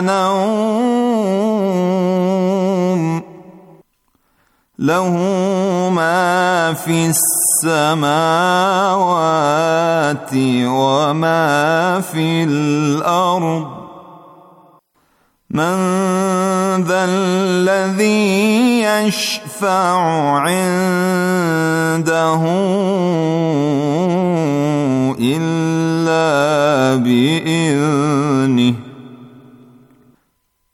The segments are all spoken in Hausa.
نوم له ما في السماوات وما في الأرض من ذا الذي يشفع عنده إلا بإذنه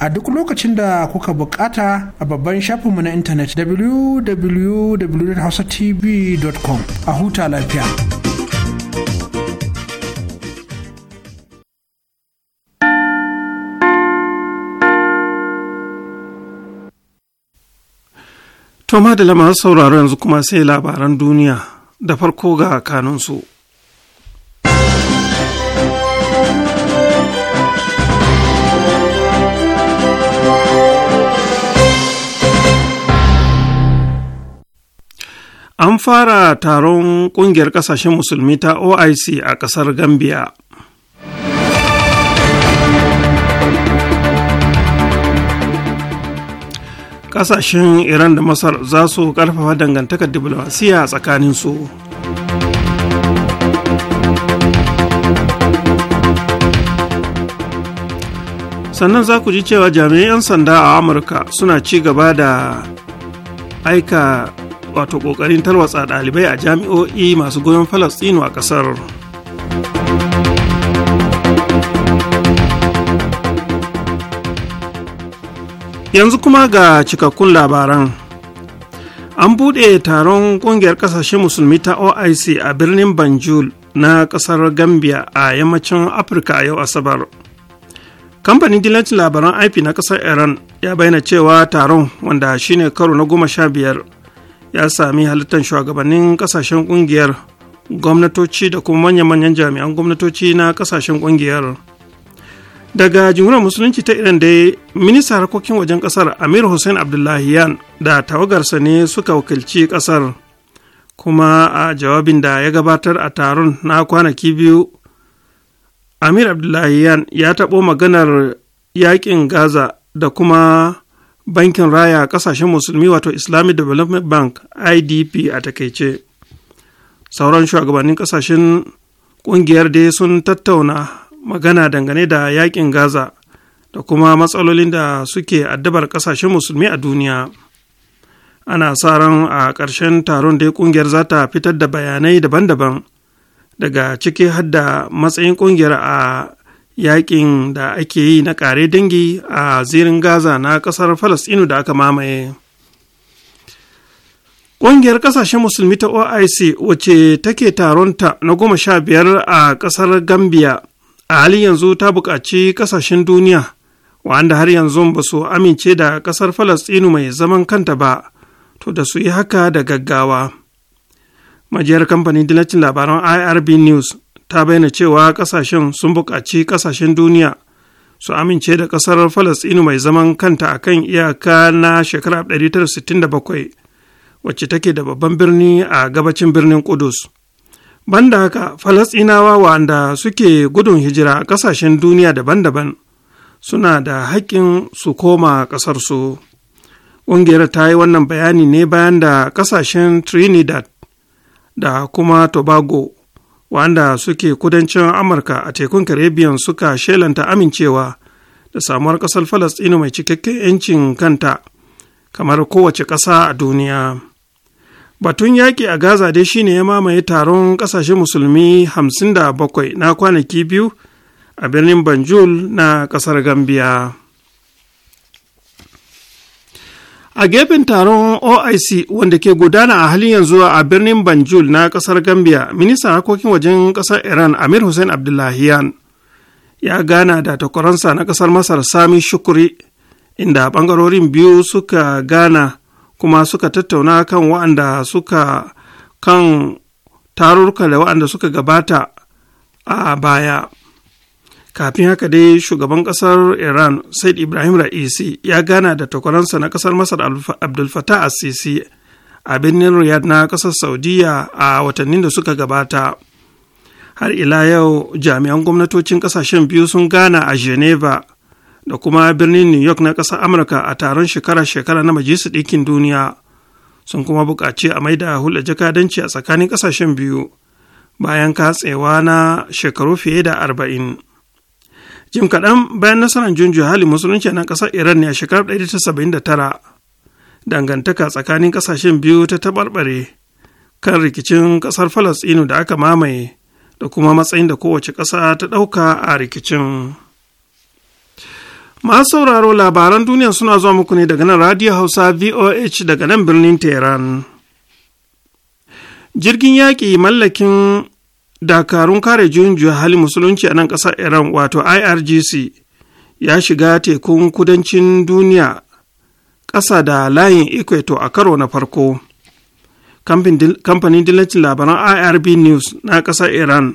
a duk lokacin da kuka bukata a babban shafinmu na intanet www.hausatv.com a huta lafiya. toma da lamar sauraro yanzu kuma sai labaran duniya da farko ga kanunsu. an fara taron ƙungiyar ƙasashen musulmi ta oic a ƙasar gambia kasashen iran da masar za su karfafa dangantakar diplomasiya a tsakaninsu. sannan za ku ji cewa jami'an 'yan sanda a amurka suna ci gaba da aika wato kokarin tarwatsa ɗalibai a jami'o'i masu goyon falastinu a ƙasar yanzu kuma ga cikakkun labaran an buɗe taron ƙungiyar ƙasashen musulmi ta oic a birnin banjul na ƙasar gambia a yammacin afirka a yau asabar kamfanin dillancin labaran ip na ƙasar iran ya bayyana cewa taron wanda shine karo na goma sha biyar ya sami halittar shugabannin kasashen kungiyar gwamnatoci da kuma manya-manyan jami'an gwamnatoci na kasashen kungiyar daga jimhuriyar musulunci ta iran dai ministan harkokin wajen kasar amir hussein abdullahiyan da tawagarsa ne suka wakilci kasar kuma a jawabin da ya gabatar a taron na kwanaki biyu amir abdullahiyan ya taɓo maganar yaƙin gaza da kuma bankin raya kasashen musulmi wato islamic development bank idp a takaice sauran shugabannin kasashen kungiyar dai sun tattauna magana dangane da yakin gaza da kuma matsalolin da suke addabar kasashen musulmi a duniya ana sa ran a ƙarshen taron dai kungiyar za ta fitar da bayanai daban-daban daga ciki hadda matsayin kungiyar a yakin da ake yi na Kare dangi a zirin gaza na ƙasar falastinu da aka mamaye ƙungiyar ƙasashen musulmi ta oic wacce take taronta na goma sha biyar a ƙasar gambia a halin yanzu ta buƙaci ƙasashen duniya wanda har yanzu ba su amince da ƙasar falasɗinu mai zaman kanta ba to da su yi haka da gaggawa majiyar kamfanin dilacin labaran irb news ta bayyana cewa kasashen sun buƙaci kasashen duniya su amince da ƙasar falasɗinu mai zaman kanta a kan iyaka na shekara 1967 wacce take da babban birni a gabacin birnin kudus banda haka falasɗinawa wanda suke gudun hijira a ƙasashen duniya daban-daban suna da haƙƙin su koma ƙasarsu ƙungiyar ta yi wannan bayani ne bayan da ƙasashen trinidad da kuma tobago wanda suke kudancin amurka a tekun caribbean suka shelanta amincewa da samuwar ƙasar falastinu mai cikakken 'yancin kanta kamar kowace ƙasa a duniya batun yaƙi a gaza dai shine ya mamaye taron ƙasashen musulmi 57 na kwanaki biyu a birnin banjul na ƙasar gambia a gefen taron oic wanda ke gudana a halin yanzu a birnin banjul na kasar gambia ministan harkokin wajen kasar iran amir hussein abdullahiyan ya gana da takwaransa na kasar masar sami shukuri inda bangarorin biyu suka gana kuma suka tattauna kan wa'anda suka kan tarurruka da wa'anda suka gabata a baya kafin haka dai shugaban kasar iran said ibrahim ra'isi ya gana da takwaransa na kasar masar abdul fatah assisi a birnin riyadh na kasar saudiya a watannin da suka gabata har ila yau jami'an gwamnatocin kasashen biyu sun gana a geneva da kuma birnin new york na kasar amurka a taron shekara-shekara na majalisar ɗinkin duniya sun kuma buƙaci a maida hulɗa jakadanci a tsakanin kasashen biyu bayan katsewa na shekaru fiye da arba'in. jim kaɗan bayan nasarar junju hali musulunci na ƙasar iran ne a shekarar 1979 dangantaka tsakanin ƙasashen biyu ta taɓarɓare kan rikicin ƙasar Falasɗinu da aka mamaye da kuma matsayin da kowace ƙasa ta ɗauka a rikicin masu sauraro labaran duniya suna zuwa muku ne daga nan radio hausa voh daga nan birnin tehran jirgin yaƙi mallakin dakarun kare juyin juya hali musulunci a nan ƙasar iran wato irgc ya shiga tekun kudancin duniya ƙasa da layin equator a karo na farko kamfanin dillacin labaran irb news na ƙasar iran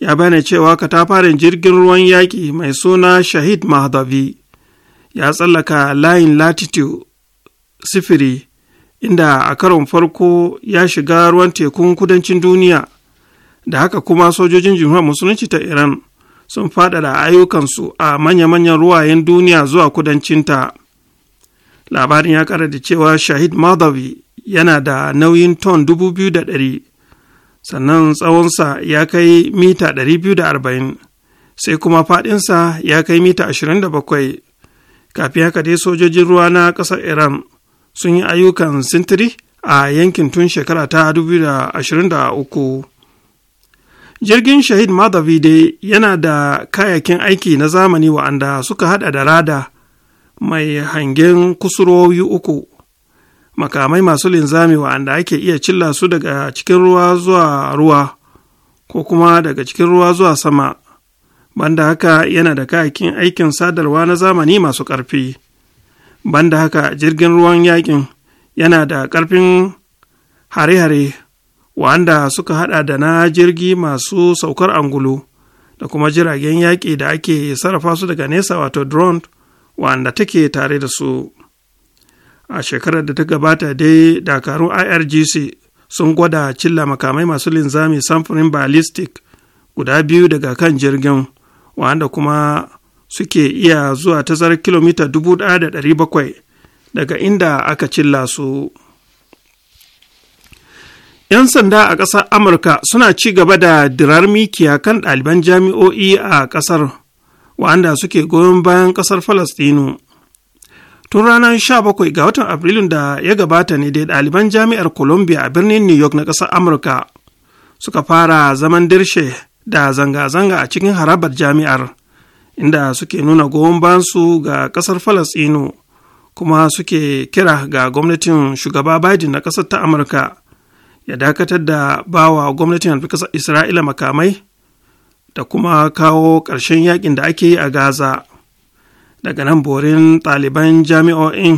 ya bayyana cewa katafaren jirgin ruwan yaƙi mai suna shahid mahdavi ya tsallaka layin latitude sifiri inda a karon farko ya shiga ruwan tekun kudancin duniya da haka kuma sojojin jimhuriyar musulunci ta iran sun faɗaɗa ayyukansu a manya-manyan ruwayen duniya zuwa kudancinta labarin ya ƙara da cewa shahid madawi yana da nauyin ton 2,100 sannan tsawonsa ya kai mita 240 sai kuma faɗinsa ya kai mita 27 kafin haka dai sojojin ruwa na ƙasar iran sun yi ayyukan sintiri a yankin tun shekara ta 2023 jirgin shahid madavide yana da kayakin aiki na zamani wa'anda suka hada da rada mai hangen kusurwoyi uku makamai masu linzami wa'anda ake iya cilla su daga cikin ruwa zuwa ruwa ko kuma daga cikin ruwa zuwa sama banda haka yana da kayakin aikin sadarwa na zamani masu ƙarfi banda haka jirgin ruwan yakin yana da ƙarfin hare-hare wanda suka hada da na jirgi masu saukar angulu da kuma jiragen yaƙi da ake sarrafa su daga nesa wato drone wanda take tare da su a shekarar da ta gabata dai dakarun irgc sun gwada cilla makamai masu linzami samfurin ballistic guda biyu daga kan jirgin wanda kuma suke iya zuwa tazarar kilomita 1,700 daga inda aka cilla su. ‘Yan sanda a ƙasar Amurka suna ci gaba da dirar mikiya kan ɗaliban jami'o'i a ƙasar wa'anda suke goyon bayan ƙasar Falastinu. Tun ranar 17 ga watan Afrilun da ya gabata ne dai ɗaliban jami'ar Columbia a birnin New York na ƙasar Amurka suka fara zaman dirshe da zanga-zanga a cikin harabar jami'ar, inda suke nuna goyon bayansu ga ƙasar Falastinu kuma suke kira ga gwamnatin shugaba Biden na ƙasar ta Amurka. ya dakatar da bawa gwamnatin ƙasar isra'ila makamai da kuma kawo ƙarshen yakin da ake yi a gaza daga nan borin ɗaliban jami'o'in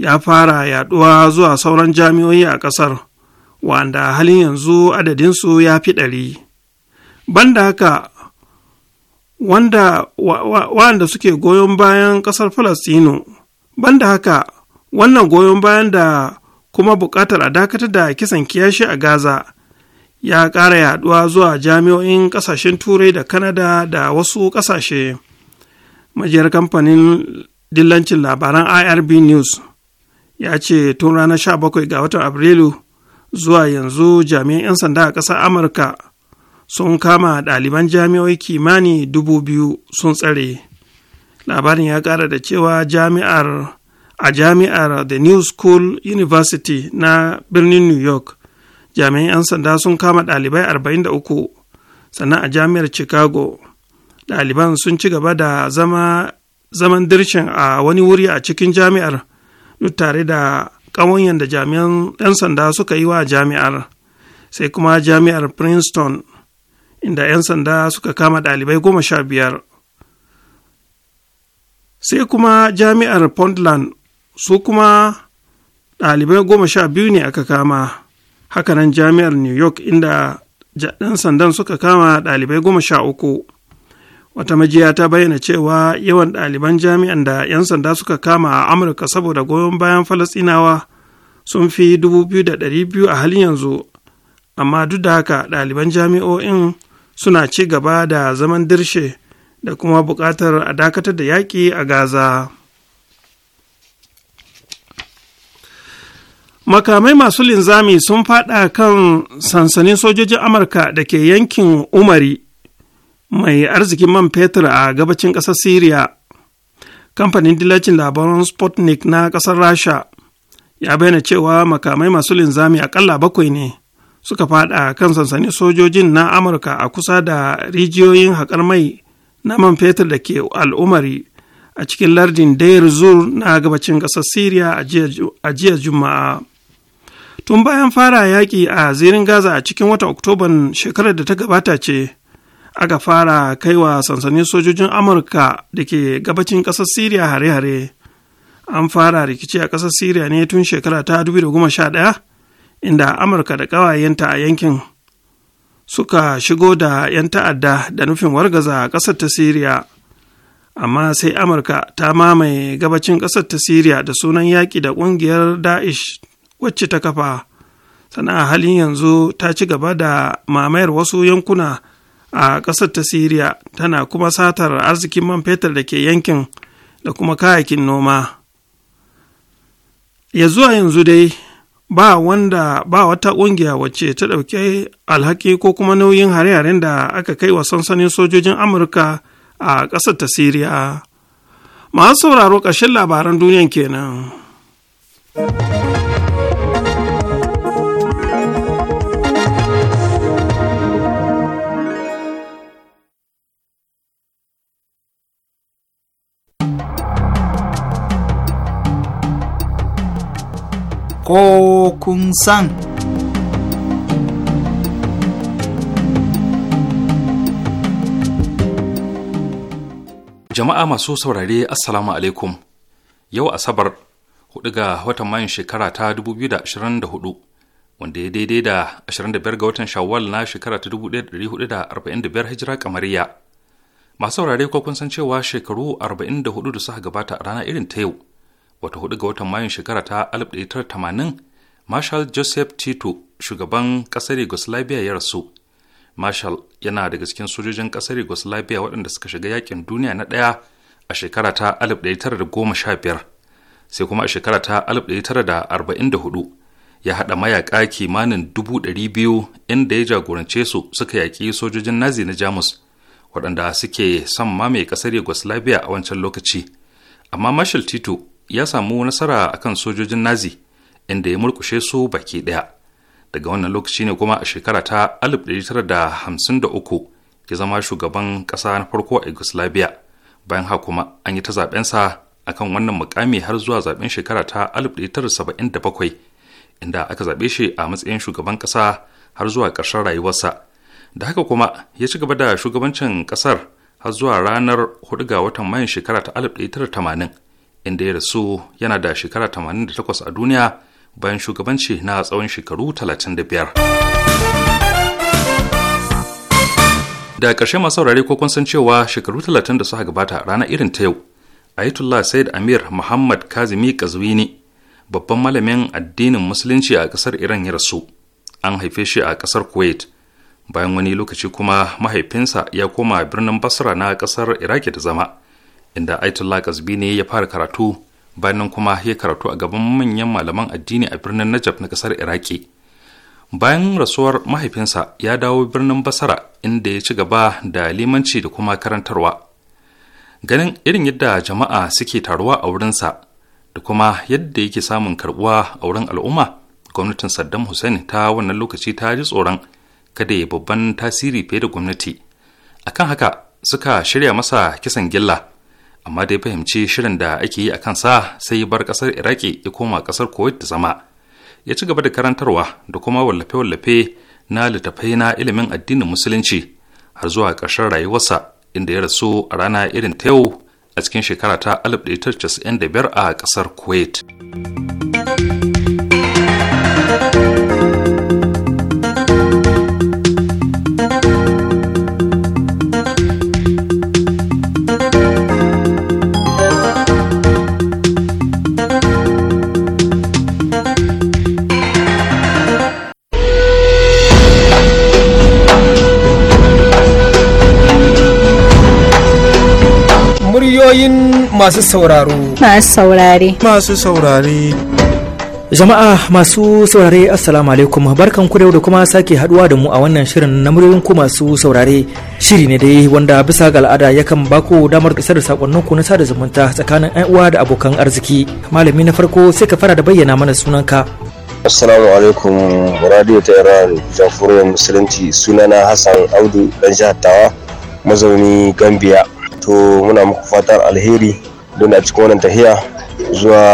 ya fara yaduwa zuwa sauran jami'o'i a ƙasar wanda halin yanzu adadinsu ya fi ɗari banda haka wanda suke goyon bayan ƙasar falastinu banda haka wannan goyon bayan da kuma buƙatar a dakatar da kisan kiyashi a Gaza ya ƙara yaɗuwa zuwa jami'o'in ƙasashen Turai da Kanada da wasu ƙasashe. Majiyar kamfanin dillancin labaran IRB News ya ce tun ranar 17 ga watan Afrilu zuwa yanzu jami'an 'yan sanda a ƙasar Amurka sun kama ɗaliban jami'oi kimani dubu biyu sun tsare. Labarin ya ƙara da cewa jami'ar a jami'ar the new school university na birnin new york jami'an 'yan sanda sun kama ɗalibai 43 sannan a jami'ar chicago ɗaliban sun ci gaba da zama zaman dirshin a wani wuri a cikin jami'ar duk tare da ƙawanyen da jami'an 'yan sanda suka yi wa jami'ar sai kuma jami'ar princeton inda 'yan sanda suka kama ɗalibai goma sha biyar sai kuma jami'ar Portland su kuma ɗalibai goma sha biyu ne aka kama hakanan jami'ar new york inda ɗan sandan suka kama ɗalibai goma sha uku wata majiya ta bayyana cewa yawan ɗaliban jami'an da 'yan sanda suka kama a amurka saboda goyon bayan falasinawa sun fi 2,200 a halin yanzu amma duk da haka ɗaliban jami'o'in suna ci gaba da zaman dirshe da kuma buƙatar a dakatar da yaƙi a gaza. makamai masu linzami sun fada kan sansanin sojojin amurka da ke yankin umari mai arzikin man fetur a gabacin ƙasar syria kamfanin dillacin labaran sputnik na ƙasar rasha ya bayyana cewa makamai masu linzami akalla bakwai ne suka fada kan sansanin sojojin na amurka a kusa da rijiyoyin haƙar mai na man fetur da ke al'umari a cikin lardin Deir Zur na gabacin ƙasar Siriya a jiya Juma'a. tun bayan fara yaƙi a zirin gaza a cikin wata oktoban shekarar da ta gabata ce aka fara kaiwa sansanin sojojin amurka da ke gabacin ƙasar siriya hare-hare an fara rikici a ƙasar siriya ne tun shekara ta 2011 inda amurka da ƙawayenta a yankin suka shigo da 'yan ta'adda da nufin wargaza ƙasar ta siriya amma sai amurka ta mamaye gabacin ƙasar ta siriya da sunan yaƙi da ƙungiyar daesh wacce ta kafa sana'a a halin yanzu ta ci gaba da mamayar wasu yankuna a ƙasar ta siriya tana kuma satar arzikin man fetur da ke yankin da kuma kayakin noma ya zuwa yanzu dai ba wanda ba wata ƙungiya wacce ta ɗauki alhaki ko kuma nauyin hare-haren da aka kai wa sansanin sojojin amurka a ƙasar ta siriya masu sauraro ƙarshen labaran duniyan kenan. ko kun san. Jama'a masu saurare Assalamu alaikum yau Asabar 4 ga watan Mayun shekara ta 2024 wanda ya daidai da 25 ga watan Shawwal na shekara ta 1445 hijira kamariya. Masu saurare ko kun san cewa shekaru 44 da suka gabata a rana irin ta yau wata hudu ga watan mayun shekara ta 1980 marshal joseph tito shugaban kasar yugoslavia ya rasu marshal yana daga cikin sojojin kasar yugoslavia waɗanda suka shiga yakin duniya na ɗaya a shekara ta 1915 sai kuma a shekara ta 1944 ya haɗa mayaƙa kimanin 200,000 inda ya jagorance su suka yaƙi sojojin nazi na jamus waɗanda suke son mamaye ƙasar yugoslavia a wancan lokaci amma marshal tito ya samu nasara a kan sojojin nazi inda ya murkushe su baki ɗaya daga wannan lokaci ne kuma a shekara ta 1953 ya zama shugaban ƙasa na farko a yugoslavia bayan haka kuma an yi ta zaɓensa kan wannan mukami har zuwa zaɓen shekara ta 1977 inda aka zaɓe shi a matsayin shugaban ƙasa har zuwa ƙarshen rayuwarsa da haka kuma ya ci gaba da shugabancin ƙasar har zuwa ranar 4 ga watan mayan shekara ta 1980 inda ya rasu yana da shekara 88 a duniya bayan shugabanci na tsawon shekaru 35. Da ƙarshe masu saurare ko kun san cewa shekaru 30 da suka gabata rana irin ta yau, Ayatollah Said Amir Muhammad Kazimi Kazwini, babban malamin addinin Musulunci a ƙasar Iran ya rasu. An haife shi a ƙasar Kuwait. Bayan wani lokaci kuma mahaifinsa ya koma birnin Basra na ƙasar Iraki da zama. inda Aitullah ne ya fara karatu bayan kuma ya karatu a gaban manyan malaman addini a birnin Najaf na kasar Iraki. Bayan rasuwar mahaifinsa ya dawo birnin Basara inda ya ci gaba da limanci da kuma karantarwa. Ganin irin yadda jama'a suke taruwa a wurinsa da kuma yadda yake samun karbuwa a wurin al'umma, gwamnatin Saddam Hussein ta wannan lokaci ta ji tsoron kada ya babban tasiri fiye da gwamnati. Akan haka suka shirya masa kisan gilla. amma dai fahimci shirin da ake yi a kansa sai bar kasar iraki ya koma kasar kuwait da zama ya ci gaba da karantarwa da kuma wallafe-wallafe na littattafai na ilimin addinin musulunci har zuwa ƙarshen rayuwarsa inda ya rasu a rana irin ta yau a cikin shekara ta 1995 a ƙasar kuwait. masu sauraro. Masu saurare. Masu saurare. Jama'a masu saurare Assalamu alaikum barkan ku da kuma sake haduwa da mu a wannan shirin na muryoyin ku masu saurare. Shiri ne dai wanda bisa ga al'ada yakan baku damar isar da sakonnin ku na sada zumunta tsakanin ƴan uwa da abokan arziki. Malami na farko sai ka fara da bayyana mana sunanka. Assalamu alaikum radio ta Iran jamhuriyar musulunci sunana Hassan Audu dan jihar Tawa mazauni Gambia to muna muku fatan alheri don a cikin wannan tafiya zuwa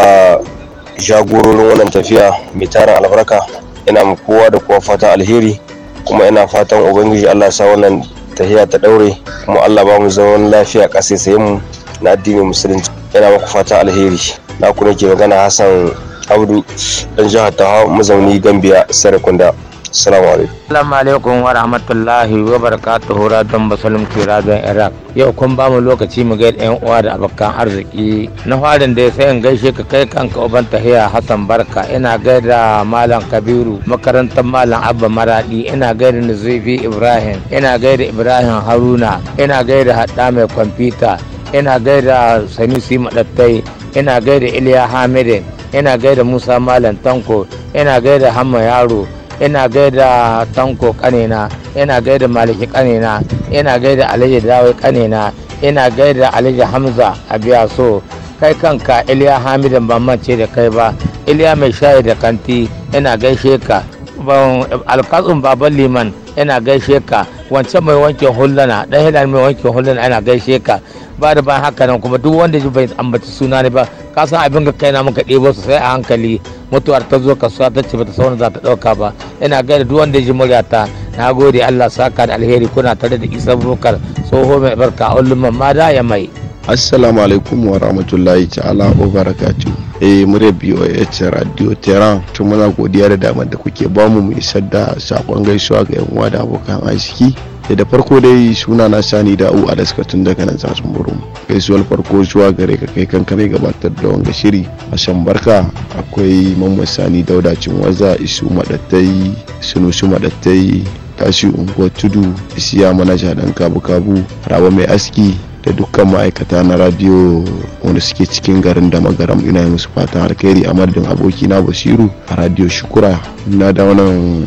jagororin wannan tafiya mai tarin albarka ina mu kowa da kowa fatan alheri kuma ina fatan ubangiji allah sa wannan tahiya ta daure kuma allah ba mu zaman lafiya ƙasa sai mu na addinin musulunci ina muku fatan alheri na ku nake magana hassan abdu dan jihar tawa mazauni gambia sarakunda assalamu alaikum assalamu alaikum wa rahmatullahi wa hura don basalim kira don iraq yau kun ba mu lokaci mu ga yan uwa da abokan arziki na farin da ya sai in gaishe ka kai kanka uban tahiya hassan barka ina gaida malam kabiru makarantar malam abba maradi ina gaida nazifi ibrahim ina gaida ibrahim haruna ina gaida hadda mai kwamfuta ina gaida sanusi madattai ina gaida iliya hamidin ina gaida musa malam tanko ina gaida hamma yaro ina gaida tanko kanena ina gaida maliki kanena ina gaida alhaji dawai kanena ina gaida alhaji hamza a biya so kai kanka iliya hamidan ban mance da kai ba iliya mai shayi da kanti ina gaishe ka alkatsun baban liman ina gaishe ka wancan mai wanke hulana dan hilal mai wanke hulana ina gaishe ka ba da ban haka kuma duk wanda bai ambaci suna ne ba ka san abin kai kaina muka ɗebo su sai a hankali mutuwar ta zo kasuwa ta ce bata sauna za ta ɗauka ba ina gaida duk wanda ya ji muryata na gode Allah saka da alheri kuna tare da Isa Bukar tsoho mai barka a ulumman ma da ya mai assalamu alaikum wa rahmatullahi ta'ala wa barakatuh eh murya BOH Radio Tehran tun muna godiya da damar da kuke bamu mu isar da sakon gaisuwa ga yan uwa da abokan arziki da eh, da farko dai suna na sani da u a tun daga nan tsatsun muru. gaisuwar farko zuwa gare ka kai kanka mai gabatar da wanga shiri A shan barka akwai mamman sani dauda waza isu madattai sunusu madattai tashi unguwar tudu isiya manaja dan kabu kabu rawa mai aski da dukkan ma'aikata na radio wanda suke cikin garin da magaram ina yi musu fatan alkhairi a madadin aboki na basiru a radio shukura na da wannan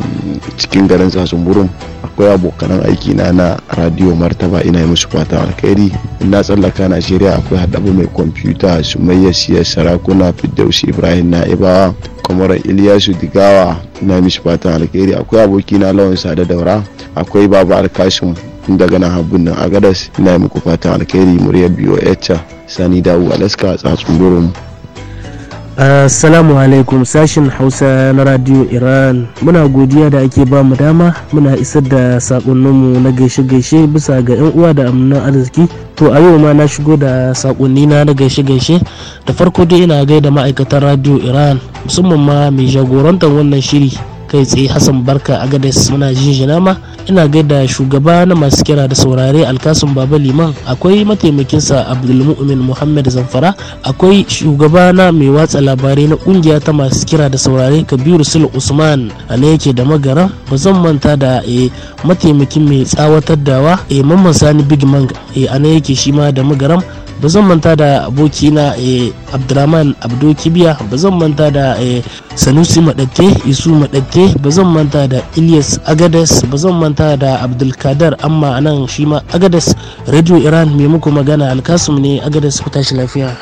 cikin garin zazumburum akwai abokanan aiki na na radio martaba ina yi musu fatan alkhairi na tsallaka najeriya akwai haɗabu mai kwamfuta sumayya siyar sarakuna fiddausi ibrahim na'ibawa kwamaran iliyasu digawa ina musu fatan alkhairi akwai abokina na lawan sada daura akwai baba alkashin tun daga nan habbun nan agadas ina yi muku fatan alkhairi muryar biyo ecca sani dawo alaska tsatsun burin Assalamu alaikum sashin Hausa na Radio Iran. Muna godiya da ake ba mu dama muna isar da sakonninmu na gaishe-gaishe bisa ga 'yan uwa da amnan arziki. To a yau ma na shigo da sakonni na na gaishe-gaishe. Da farko dai ina gaida ma'aikatan Radio Iran musamman ma mai jagorantar wannan shiri kai tsaye Hassan Barka a gadas muna jinjina ma ina gaida shugaba na masu kira da saurare alkasun baba liman akwai mataimakinsa abdulmu'min muhammad zamfara akwai shugaba na mai watsa labarai na kungiya ta masu kira da saurare kabiru sul usman a na yake da magara ba zan manta da eh, mataimakin mai tsawatar dawa eh, mamman sani big man eh, a na yake shi ma da magaram ba zan manta da abokina eh, abdulrahman abdo kibiya ba zan manta da eh, sanusi madatte isu madatte ba zan manta da ilyas agades ba zan manta da abdulkadar amma anan shi ma agades radio iran mai muku magana alkasum ne agades ku tashi lafiya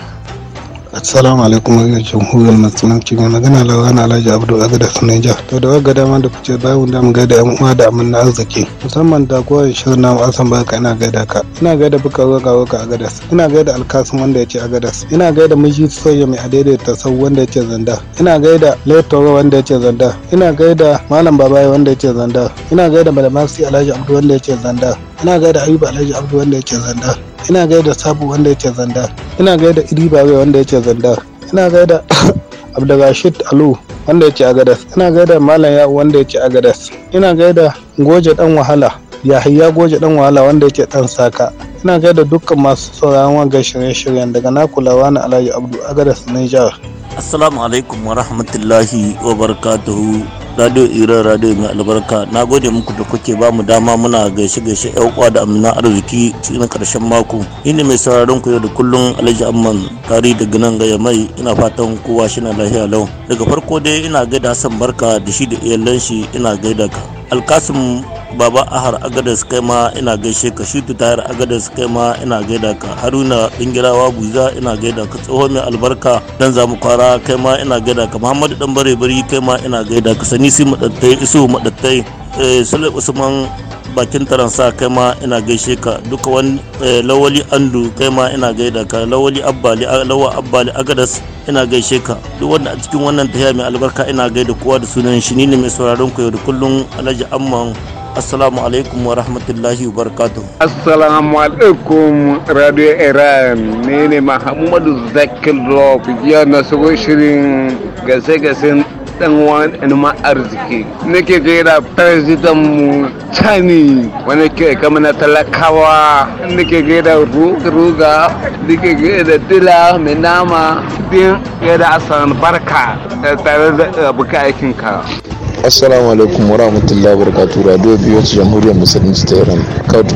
Assalamu alaikum wa jamhuriyar musulunci mai magana lawan Alhaji Abdu Aziz da Sunaija. To da waga dama da kuce babu da mu gaida yan uwa da na arziki musamman da kowa shirin na asan barka ina gaida ka. Ina gaida buka roka roka a gadas. Ina gaida alkasim wanda ya ce a gadas. Ina gaida miji soyayya mai adaidaita sau wanda ya ce zanda. Ina gaida Letoro wanda ya ce zanda. Ina gaida Malam Babaye wanda ya ce zanda. Ina gaida Malamasi Alhaji Abdu wanda ya ce zanda. Ina gaida Ayuba Alhaji Abdu wanda ya ce zanda. ina gaida sabu wanda yake zanda ina gaida iribawe wanda yake zanda ina gaida abdulrashid alu wanda yake agadas ina gaida malam ya wanda yake agadas ina gaida goje dan wahala yahaya goje dan wahala wanda yake dan saka ina gaida dukkan masu sauraron wangar shirye-shiryen daga kulawa na alhaji abdu agadas niger assalamu alaikum wa rahmatullahi wa barakatuhu radio iran radio mai albarka na gode muku da kuke ba mu dama muna gaishe gaishe yan uwa da amina arziki cikin karshen mako ni ne mai sauraron ku yau da kullum alhaji amman kari daga nan gaya mai ina fatan kowa shi na lafiya lau daga farko dai ina gaida hassan barka da shi da iyalan shi ina gaida ka alkasim baba ahar agadas kai ma ina gaishe ka shutu tayar agadas kai ma ina gaida ka haruna dingirawa guza ina gaida ka tsoho mai albarka dan zamu kwara kai ma ina gaida ka muhammadu dan bare bari kai ma ina gaida ka sani su madattai isu madattai eh, sule usman bakin taransa kai ma ina gaishe ka duka wani eh, lawali andu kai ma ina gaida ka lawali abbali lawa abbali agadas ina gaishe ka duk wanda a cikin wannan tahiya mai albarka ina gaida kowa da sunan shi ne mai sauraron ku yau da kullum alhaji amman assalamu alaikum wa rahmatullahi wa barakatu assalamu alaikum radio iran ne ne muhammadu zakir rock yau na shigo shirin gase-gasen dan wani ɗanma arziki nake gaira president mu cani wani ke kama na talakawa ke gaira ruga ke gaira dila mai nama din gaira asan barka tare da abuka aikinka assalamu alaikum warahmatullahi wabarakatuh radio biyu jamhuriyar musulunci ta iran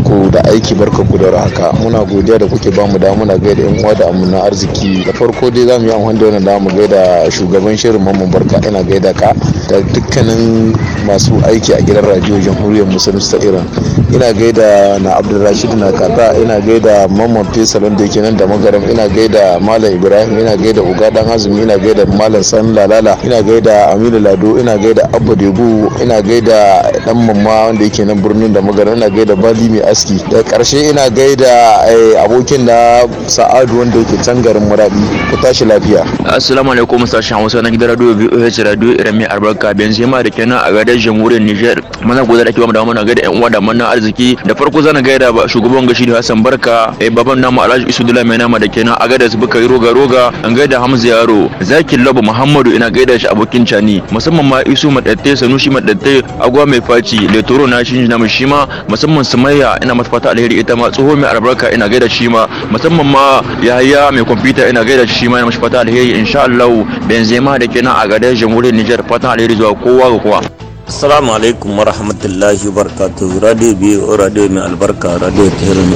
ku da aiki barka ku da haka muna godiya da kuke bamu da muna gaida yan uwa da amuna arziki da farko dai zamu yi amfani da wannan damu gaida shugaban shirin mamman barka ina gaida ka da dukkanin masu aiki a gidan radio jamhuriyar musulunci ta iran ina gaida na abdulrashid na kata ina gaida mamman fesalon da yake nan da magaram ina gaida malam ibrahim ina gaida ugadan azumi ina gaida malam san lalala ina gaida aminu lado ina gaida abu badego ina gaida dan mamma wanda yake nan birnin da magana ina gaida bali mai aski da karshe ina gaida eh, abokin da sa'adu wanda yake can garin muradi ku tashi lafiya assalamu alaikum sashen hausa na gidan radio VOH radio Irami Albarka Benzema da kenan a gadar jamhuriyar Niger mana gobe da ake bamu da mana gaida yan uwa da mana arziki da farko zan gaida shugaban gashi da Hassan Barka eh baban namu Alhaji Isudula mai nama da kenan a gadar suka yi roga roga an gaida Hamza Yaro Zakin Labu Muhammadu ina gaida shi abokin Cani musamman ma Isu Madat dattai madattai sanushi madattai agwa mai faci letoro na shi na shi ma musamman sumayya ina mata fata alheri ita ma tsoho mai albarka ina gaida shi ma musamman ma yahaya mai kwamfuta ina gaida shi ma ina mashi fata alheri insha Allah benzema da kenan a gadar jamhuriyar Niger fata alheri zuwa kowa ga kowa Assalamu alaikum warahmatullahi wabarakatuh radio biyu radio mai albarka radio tehran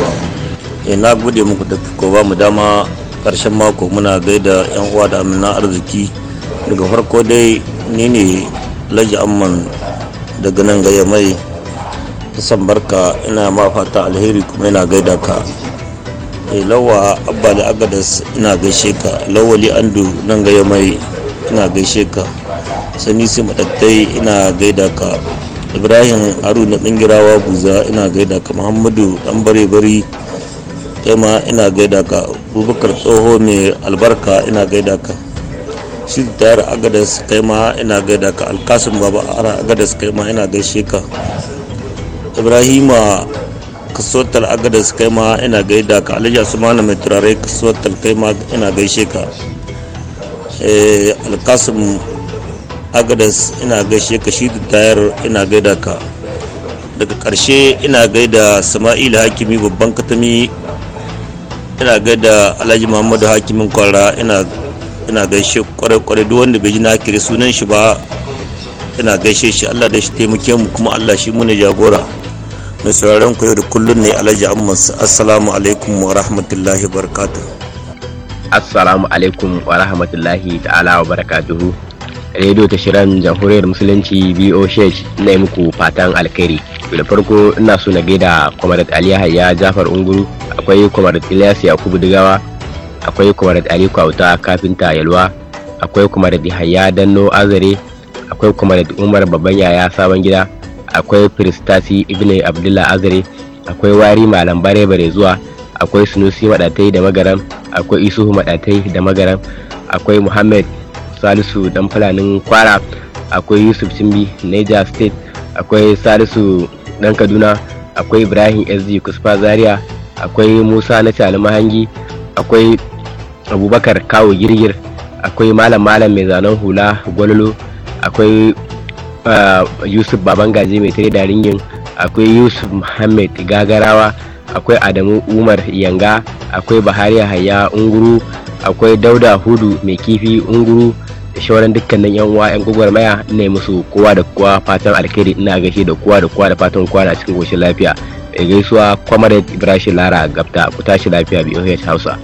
ina eh, gode muku da ko ba mu dama karshen mako muna gaida yan uwa da amina arziki daga farko dai ni ne alhaji amman daga nan gaya mai san barka ina ma fata alheri kuma ina gaida ka eh, lawa abba da agadas ina gaishe ka lawali andu nan gaya mai ina gaishe ka sani su matattai ina gaida ka ibrahim haruna dingirawa guza ina gaida ka muhammadu dan bare bari kai ina gaida ka abubakar tsoho mai albarka ina gaida ka shi tayar agadas kai ma ina da ka alkasim baba ara agadas kai ma ina shi ka ibrahima kasuwatar agadas kai ma ina da ka ma na mai turare kasuwatar kai ma ina shi ka eh, alkasim agadas ina shi ka shi tayar ina da ka daga karshe ina da sama'ila hakimi babban katami ina da alhaji muhammadu hakimin kwara ina ina gaishe kwarai-kwarai duk wanda bai ji na kiri sunan shi ba ina gaishe shi Allah da shi taimake mu kuma Allah shi mune jagora mai sauraron ku yau da kullun ne Alhaji Amman assalamu alaikum wa rahmatullahi barakatuh assalamu alaikum wa rahmatullahi ta'ala wa barakatuhu rediyo ta shirin jamhuriyar musulunci BOSH na yi muku fatan alkhairi da farko ina so na gaida kwamarat Ali Yahaya Jafar Unguru akwai kwamarat Ilyas Yakubu Digawa akwai kuma da auta a kafinta yalwa akwai kuma da yahaya danno azare akwai kuma da umar babban yaya sabon gida akwai firistasi ibn abdullah azare akwai wari malam bare bare zuwa akwai sunusi madatai da magaran akwai isuhu madatai da magaran akwai muhammad salisu dan fulanin kwara akwai yusuf cimbi niger state akwai salisu dan kaduna akwai ibrahim sg kusfa zaria akwai musa na cali mahangi akwai abubakar kawo girgir akwai malam malam mai zanen hula gwalolo akwai uh, yusuf gaji mai tare da ringin akwai yusuf muhammad gagarawa akwai adamu umar yanga akwai bahari haya unguru akwai dauda hudu mai kifi unguru da shauran dukkanin yan uwa yan gwagwarmaya ne musu kowa da kowa fatan alkhairi ina gashi da kowa da kowa da fatan kowa na cikin koshin lafiya gaisuwa comrade ibrahim lara gabta ku tashi lafiya biyu hausa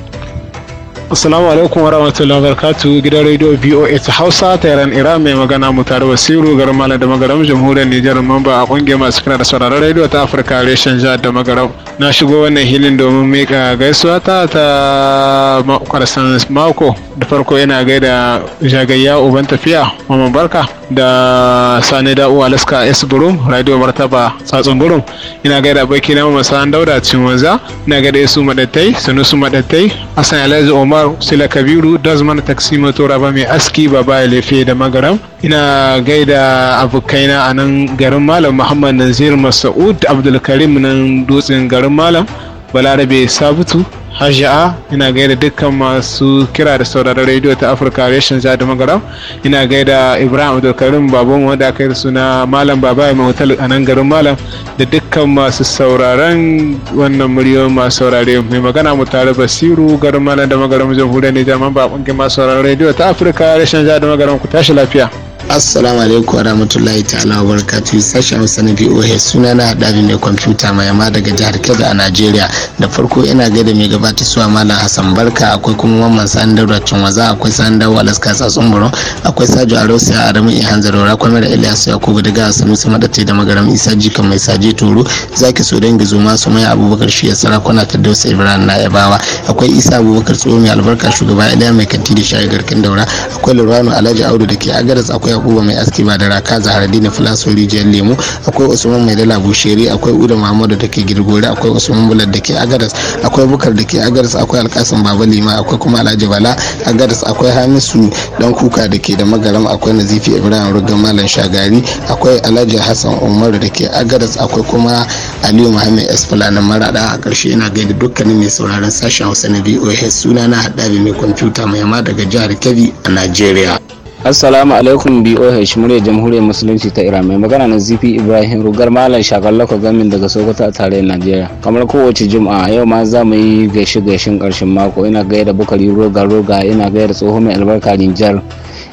Assalamu alaikum warahmatullahi wabarakatuh gidan radio ta Hausa ta yaran Iran mai magana mu tare Siru garin Malam da Magaram jamhuriyar Nijar mamba a kungiyar masu kira da sauraron radio ta Afirka reshen jihar da Magaram. Na shigo wannan hilin domin mika gaisuwa ta ta mako da farko yana gaida jagayya uban tafiya Maman Barka da Sani uwa Alaska S Burum radio Martaba Tsatsun Burum ina gaida baki na Mamman Sa'an Dauda Cinwaza ina gaida Isu Madattai Sanusu Madattai Hassan Alhaji Omar Umar Sila Kabiru Dazman Taksimoto Raba Mai Aski ba baya Lefe da Magaram. Ina gaida abokaina a nan garin Malam Muhammad Nazir Masa'ud Abdulkarim nan dutsen garin Malam Balarabe Sabutu hajiya ina gaida dukkan masu kira da sauraron rediyo ta afirka reshen jihar da magaram ina gaida ibrahim Karim babon wanda aka yi suna malam baba mai hotel a nan garin malam da dukkan masu sauraron wannan muryoyin masu saurare mai magana mu tare basiru garin malam da magaram jamhuriyar nijar man ba kungin masu sauraron rediyo ta afirka reshen jihar da magaram ku tashi lafiya. assalamu alaikum wa rahmatullahi ta'ala wa barakatu sashen hausa na boh suna na haɗari mai kwamfuta mai yamma daga jihar kebbi a najeriya da farko ina gaida mai gabata suwa malam hassan barka akwai kuma mamman sandar waza akwai sandar walaska tsatsun buru akwai sajo arosi a adamu ihan zarora kwamar ilyasu yakubu daga sanusi madatai da magaram isa jika mai saje toro zaki so dangi zo masu mai abubakar shi ya sarakuna firdausa ibrahim na yabawa akwai isa abubakar tsohon mai albarka shugaba ilyas mai kanti da shayi garkin daura akwai lurano alhaji audu da ke agaras akwai yakuba mai aski ba da raka zahar dina filaso rijiyar lemu akwai usman mai dala bushere akwai uda muhammadu da ke girgore akwai usman bulat da ke agaras akwai bukar da ke agaras akwai alkasan baba lima akwai kuma alhaji bala agaras akwai hamisu dan kuka da ke da magaram akwai nazifi ibrahim rugan malam shagari akwai alhaji hassan umaru da ke agaras akwai kuma aliyu muhammad esfala na marada a karshe ina gaida dukkanin mai sauraron sashen hausa na voh suna na haɗa mai kwamfuta mai ma daga jihar kebbi a najeriya Assalamu alaikum BOH murya jamhuriyar musulunci ta Iran mai magana na Zifi Ibrahim Rugar Malam shagallaka Gamin daga Sokoto a tarayyar Najeriya. Kamar kowace Juma'a yau ma za mu yi gaishe gaishen ƙarshen mako ina gaida Bukari Roga Roga ina gaida Tsoho mai albarka jinjar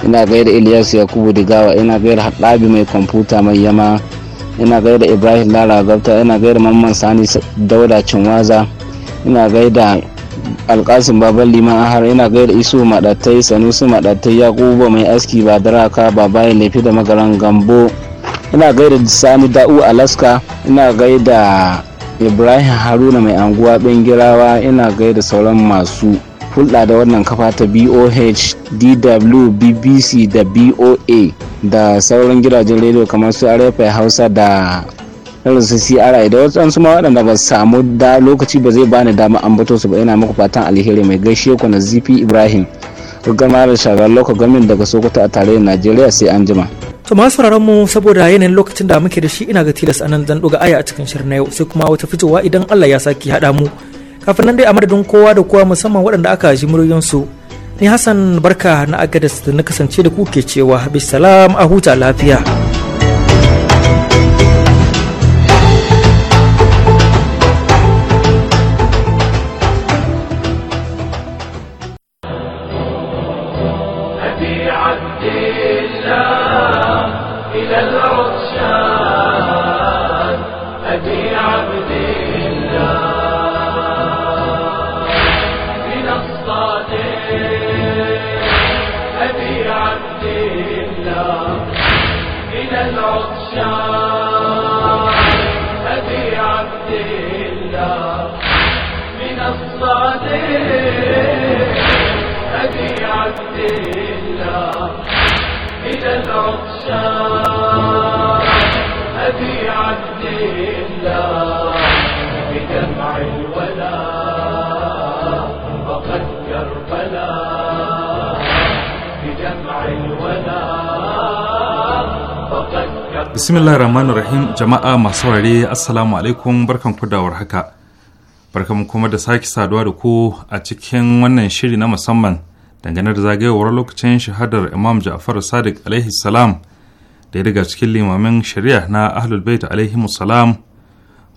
ina gaida Ilyas Yakubu Digawa ina gaida Haɗabi mai kwamfuta mai yama ina gaida Ibrahim Lara Gabta ina gaida Mamman Sani Dauda Cinwaza ina gaida alkasin baban liman har ina gaida iso maɗatai sanusi maɗatai ya yakubu mai aski ba daraka ba bayan laifi da magaran gambo ina gaida sani da'u alaska ina gaida ibrahim haruna mai anguwa bengirawa ina gaida sauran masu hulɗa da wannan kafa ta boh dw bbc da boa da sauran gidajen rediyo kamar su arefa hausa da irin su CRI da wasu ma waɗanda ba samu da lokaci ba zai bani dama ambato su ba yana muku fatan alheri mai gaishe ku na zifi Ibrahim gama da shagar lokacin gamin daga Sokoto a tarayyar Najeriya sai an jima. To masu mu saboda yanayin lokacin da muke da shi ina ga tilas anan zan ɗuga aya a cikin shirin na yau sai kuma wata fitowa idan Allah ya saki haɗa mu. Kafin nan dai a madadin kowa da kowa musamman waɗanda aka ji muryoyinsu. Ni Hassan Barka na Agadas da na kasance da ku ke cewa bisalam a huta lafiya. bismillah rahman rahim jama'a masu saurare assalamu alaikum barkan ku da warhaka barkan kuma da sake saduwa da ku a cikin wannan shiri na musamman dangane da zagayowar lokacin shahadar imam ja'far sadiq alaihi salam da ya daga cikin limamin shari'a na ahlul bait alaihi salam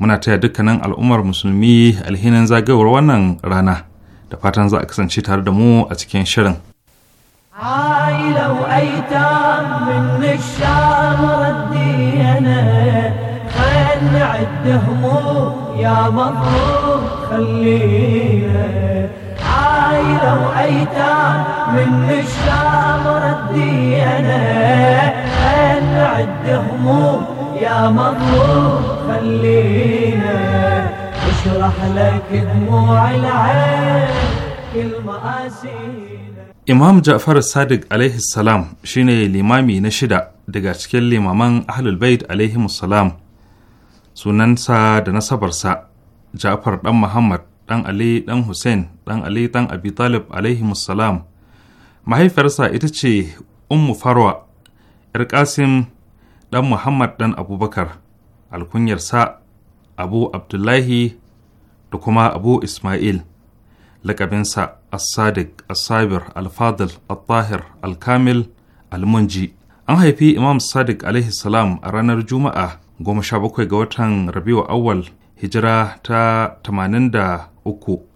muna taya dukkanin al'ummar musulmi alhinin zagayowar wannan rana da fatan za a kasance tare da mu a cikin shirin عائلة وأيتام من الشام ردي أنا خل نعد يا مظلوم خلينا عائلة وأيتام من الشام ردي أنا خل نعد يا مظلوم خلينا اشرح لك دموع العين كل مآسينا Imam Ja'far Sadiq alaihi salam shine limami na shida daga cikin limaman Ahlul Bait alaihi salam. Sunansa da nasabarsa Ja'far dan Muhammad dan Ali dan Hussein dan Ali dan Abi Talib alaihi salam. Mahaifiyarsa ita ce Ummu Farwa ‘yar Qasim dan Muhammad dan Abubakar alkunyarsa Abu Abdullahi da kuma Abu Ismail lakabinsa الصادق الصابر الفاضل الطاهر الكامل المنجي an haifi imam sadiq alaihi salam a ranar juma'a 17 ga watan rabiu awal hijira ta 83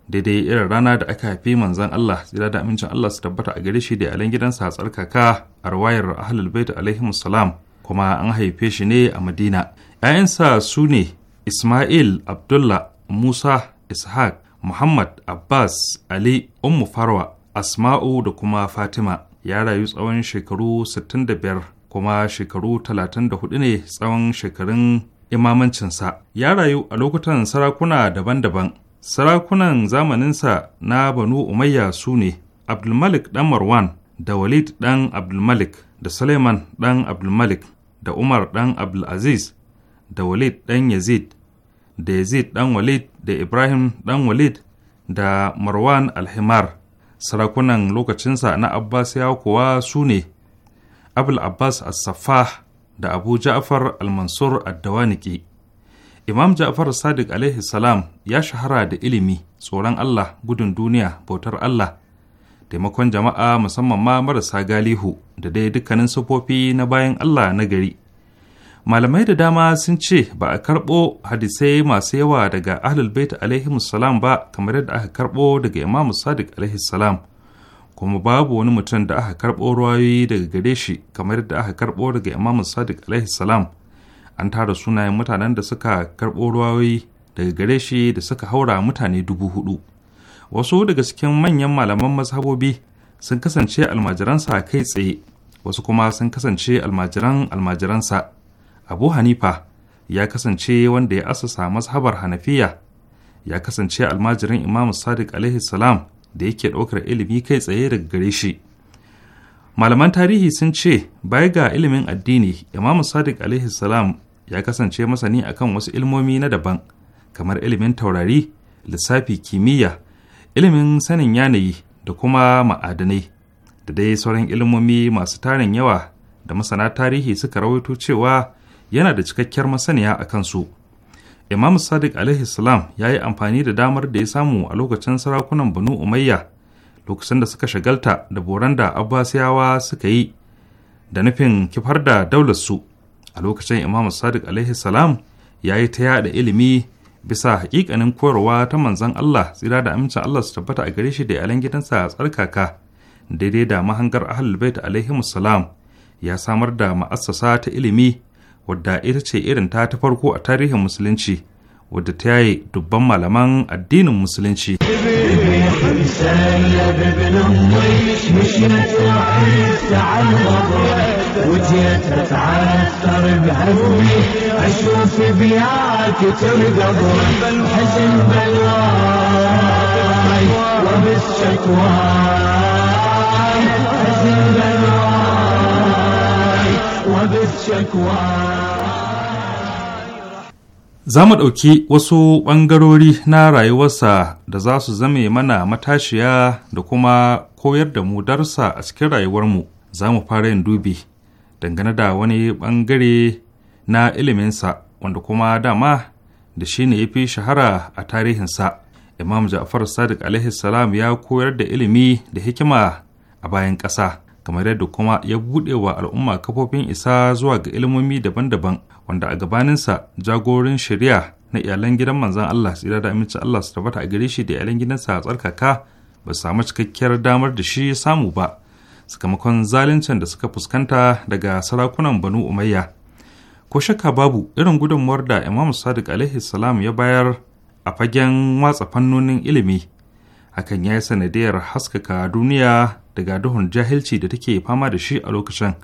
daidai irin rana da aka haifi manzan allah tsira da amincin allah su tabbata a gare shi da alan gidansa a tsarkaka a rawayar ahlul bait alaihi salam kuma an haife shi ne a madina 'ya'yansa su ne ismail abdullah musa ishaq Muhammad Abbas Ali Ummu Farwa Asma'u da kuma Fatima ya rayu tsawon shekaru 65 kuma shekaru 34 ne tsawon shekarun imamancinsa. Ya rayu a lokutan sarakuna daban-daban. Sarakunan zamaninsa na Banu Umayya su ne Abdulmalik ɗan Marwan da Walid ɗan Abdulmalik da Suleiman ɗan Abdulmalik da Umar ɗan Abdulaziz da Walid ɗan Yazid da yazid ɗan walid da ibrahim ɗan walid da marwan alhimar sarakunan lokacinsa na abbasiyawa kuwa su ne abul abbas as da abu ja'far al-mansur ad imam ja'far sadiq alaihi salam ya shahara da ilimi tsoron allah gudun duniya bautar allah taimakon jama'a musamman ma marasa galihu da dai dukkanin sufofi na bayan allah na gari malamai da dama sun ce ba a karɓo hadisai masu yawa daga ahlul bait alaihi salam ba kamar yadda aka karɓo daga imamu sadiq alaihi salam kuma babu wani mutum da aka karɓo ruwayoyi daga gare shi kamar yadda aka karɓo daga imamu sadiq alaihi salam an tara sunayen mutanen da suka karɓo ruwayoyi daga gare shi da suka haura mutane dubu hudu wasu daga cikin manyan malaman mazhabobi sun kasance almajiransa kai tsaye wasu kuma sun kasance almajiran almajiransa abu hanifa ya kasance wanda ya asasa mazhabar hanafiya ya kasance almajirin imam sadiq alaihi da yake ɗaukar ilimi kai tsaye daga gare shi malaman tarihi sun ce baya ga ilimin addini imam sadiq alaihi ya kasance masani akan wasu ilmomi na daban kamar ilimin taurari lissafi kimiyya ilimin sanin yanayi da kuma ma'adanai da dai sauran ilmomi masu tarin yawa da masana tarihi suka rawaito cewa yana da cikakkiyar masaniya a kansu imam sadiq alaihi salam ya yi amfani da damar da ya samu a lokacin sarakunan banu umayya lokacin da suka shagalta da boran da abbasiyawa suka yi da nufin kifar da daular su a lokacin imam sadiq alaihi salam ya yi ta yada ilimi bisa hakikanin koyarwa ta manzon allah tsira da amincin allah su tabbata a gare shi da yalan gidansa a tsarkaka daidai da mahangar ahlul bait alaihi salam ya samar da ma'assasa ta ilimi wadda ita ce irin ta ta farko a tarihin musulunci wadda ta yaye dubban malaman addinin musulunci Za mu ɗauki wasu ɓangarori na rayuwarsa da za su zame mana matashiya da kuma koyar da mu darsa a cikin rayuwarmu za mu fara yin dubi dangane da wani ɓangare na iliminsa wanda kuma dama da shi ne ya fi shahara a tarihinsa. Imam Ja'far Sadiq salam ya koyar da ilimi da hikima a bayan ƙasa. kamar yadda kuma ya buɗe wa al'umma kafofin isa zuwa ga ilmomi daban-daban wanda a gabaninsa jagorin shari'a na iyalan gidan manzan Allah tsira da aminci Allah su tabbata a gare shi da iyalan gidansa a tsarkaka ba su samu cikakkiyar damar da shi samu ba sakamakon zaluncin da suka fuskanta daga sarakunan banu umayya ko shakka babu irin gudunmuwar da imam sadiq alaihi salam ya bayar a fagen watsa fannonin ilimi hakan ya yi sanadiyar haskaka duniya daga duhun jahilci da take fama da shi a lokacin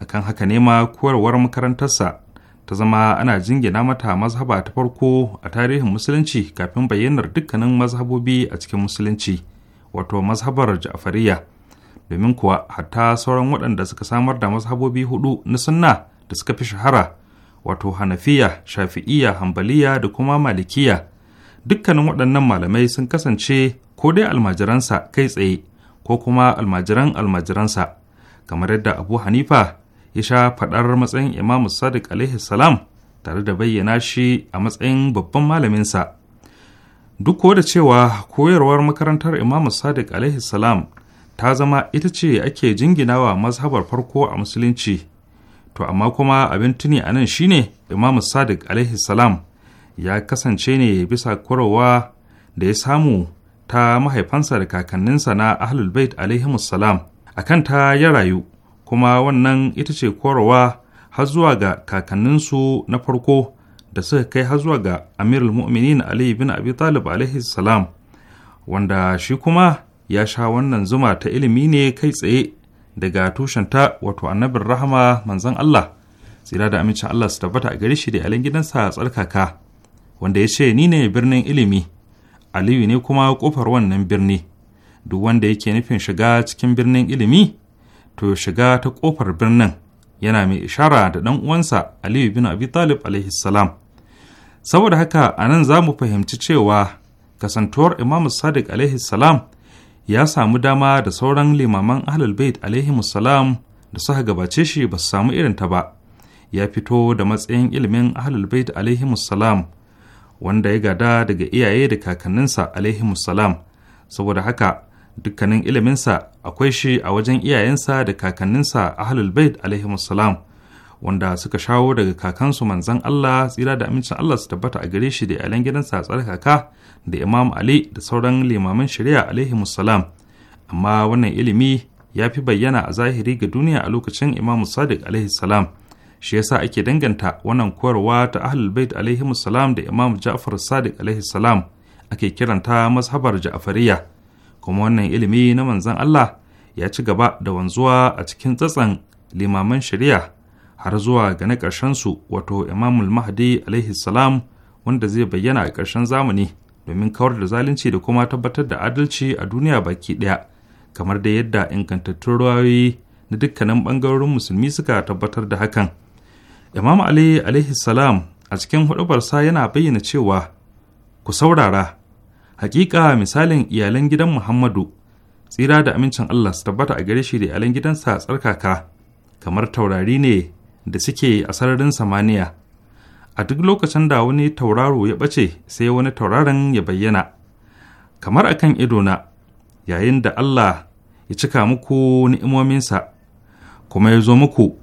akan haka ne ma koyarwar makarantarsa ta zama ana jingina mata mazhaba ta farko a tarihin musulunci kafin bayyanar dukkanin mazhabobi a cikin musulunci wato mazhabar ja'fariya domin kuwa hatta sauran waɗanda suka samar da mazhabobi hudu na sunna da suka fi shahara wato hanafiya shafi'iya hambaliya da kuma malikiya dukkanin waɗannan malamai sun kasance ko dai almajiransa kai tsaye ko kuma almajiran almajiransa kamar yadda abu hanifa ya sha faɗar matsayin imamu sadiq alaihi salam tare da bayyana shi a matsayin babban malaminsa duk da cewa koyarwar makarantar imamu sadiq alaihi salam ta zama ita ce ake jinginawa mazhabar farko a musulunci to amma kuma abin tuni a nan shine imamu sadiq alaihi salam ya kasance ne bisa korowa da ya samu ta mahaifansa da kakanninsa na ahlul bait alaihimus salam akan ta ya rayu kuma wannan ita ce korowa har zuwa ga kakanninsu na farko da suka kai har zuwa ga amirul mu'minin ali bin abi talib alaihi salam wanda shi kuma ya sha wannan zuma ta ilimi ne kai tsaye daga tushenta wato annabin rahama manzon Allah tsira da amincin Allah su tabbata a gare shi da alin gidansa tsarkaka wanda ya ce ni ne birnin ilimi aliyu ne kuma kofar wannan birni duk wanda yake nufin shiga cikin birnin ilimi to shiga ta kofar birnin yana mai ishara da ɗan uwansa aliyu bin abi talib salam saboda haka a nan za mu fahimci cewa kasantuwar Imam sadiq alaihi salam ya samu dama da sauran limaman ahlul bait alaihi salam da suka gabace shi ba su samu irin ta ba ya fito da matsayin ilimin ahlul bait alaihi salam wanda ya gada daga iyaye da kakanninsa salam saboda haka dukkanin iliminsa akwai shi a wajen iyayensa da kakanninsa ahlul bait salam wanda suka shawo daga kakansu manzan Allah tsira da amincin Allah su tabbata a gare shi da iyalan gidansa tsarkaka da Imam Ali da sauran limaman shari'a salam amma wannan ilimi ya fi bayyana a zahiri ga duniya a lokacin Imam Sadiq salam. shi yasa ake danganta wannan koyarwa ta ahlul bait alaihi salam da imam ja'far sadiq alaihi salam ake kiranta mazhabar ja'fariya kuma wannan ilimi na manzon Allah ya ci gaba da wanzuwa a cikin tsatsan limaman shari'a har zuwa ga na ƙarshen su wato imamul mahdi alaihi salam wanda zai bayyana a ƙarshen zamani domin kawar da zalunci da kuma tabbatar da adalci a duniya baki ɗaya kamar da yadda ingantattun ruwayoyi na dukkanin ɓangarorin musulmi suka tabbatar da hakan Imam Ali alaihi salam a cikin hudubarsa yana bayyana cewa ku saurara hakika misalin iyalan gidan Muhammadu tsira da amincin Allah su tabbata a gare shi da iyalan gidansa tsarkaka kamar taurari ne da suke a sararin samaniya a duk lokacin da wani tauraro ya ɓace sai wani tauraron ya bayyana kamar akan idona yayin da Allah ya cika muku ni'imominsa kuma ya zo muku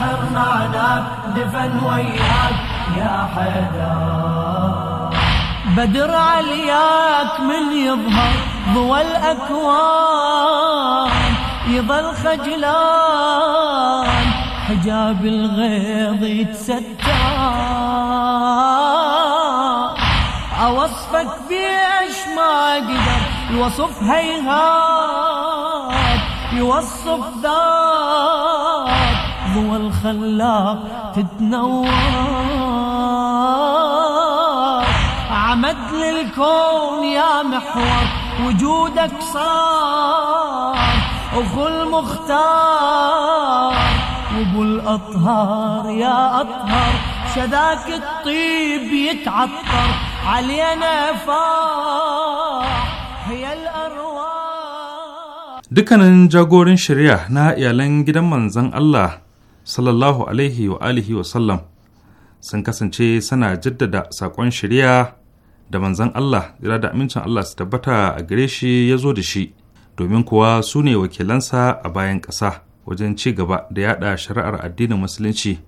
البحر معنا دفن وياك يا حدا بدر علياك من يظهر ضوى الأكوان يظل خجلان حجاب الغيظ يتستر أوصفك بيش ما اقدر الوصف هيهات يوصف ذات هو الخلاق تتنور عمد للكون يا محور وجودك صار أخو المختار وابو الأطهار يا أطهر شذاك الطيب يتعطر علينا فار هي الأرواح دكان جاغورين shari'a نا iyalan جدا منزن الله sallallahu alaihi wa alihi wa sallam sun kasance suna jaddada saƙon shari'a da manzan Allah jira da amincin Allah su tabbata a gare shi ya zo da shi domin kuwa su ne wakilansa a bayan ƙasa wajen ci gaba da yada shari'ar addinin musulunci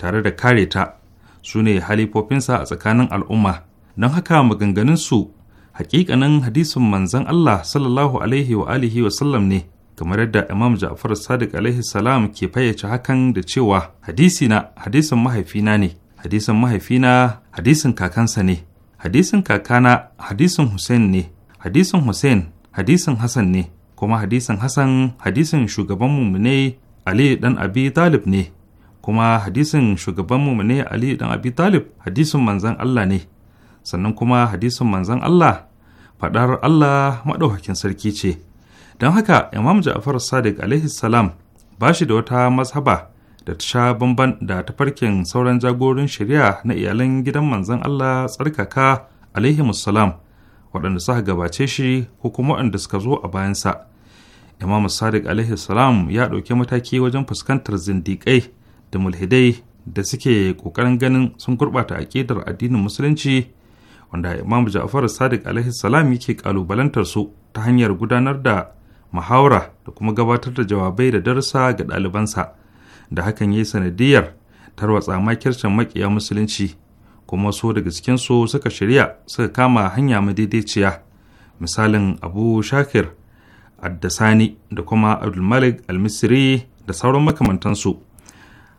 tare da kare ta su ne halifofinsa a tsakanin al'umma don haka maganganunsu hakikanin hadisin manzan Allah sallallahu alaihi wa alihi wa sallam ne kamar yadda imam ja'far sadiq alaihi salam ke fayyace hakan da cewa hadisi hadisin mahaifina ne hadisin mahaifina hadisin kakansa ne hadisin kakana hadisin hussein ne hadisin hussein hadisin hassan ne kuma hadisin hassan hadisin shugaban mumune ali dan abi talib ne kuma hadisin shugaban mumune ali dan abi talib hadisin manzan allah ne sannan kuma hadisin manzan allah faɗar allah maɗaukakin sarki ce don haka imam ja'far sadiq alaihi salam ba shi da wata mazhaba da ta sha bamban da ta tafarkin sauran jagorin shari'a na iyalan gidan manzon allah tsarkaka alaihi salam waɗanda suka gabace shi ko kuma waɗanda suka zo a bayansa imam sadiq alaihi salam ya ɗauki mataki wajen fuskantar zindiƙai da mulhidai da suke ƙoƙarin ganin sun gurɓata aƙidar addinin musulunci wanda imam ja'far sadiq alaihi salam yake ƙalubalantar su ta hanyar gudanar da muhawara da kuma gabatar da jawabai da darsa ga ɗalibansa da hakan yi sanadiyar tarwatsa makircin makiya musulunci kuma so daga cikinsu suka shirya suka kama hanya madaidaiciya misalin abu shakir addasani da kuma abdulmalik almisiri da sauran makamantansu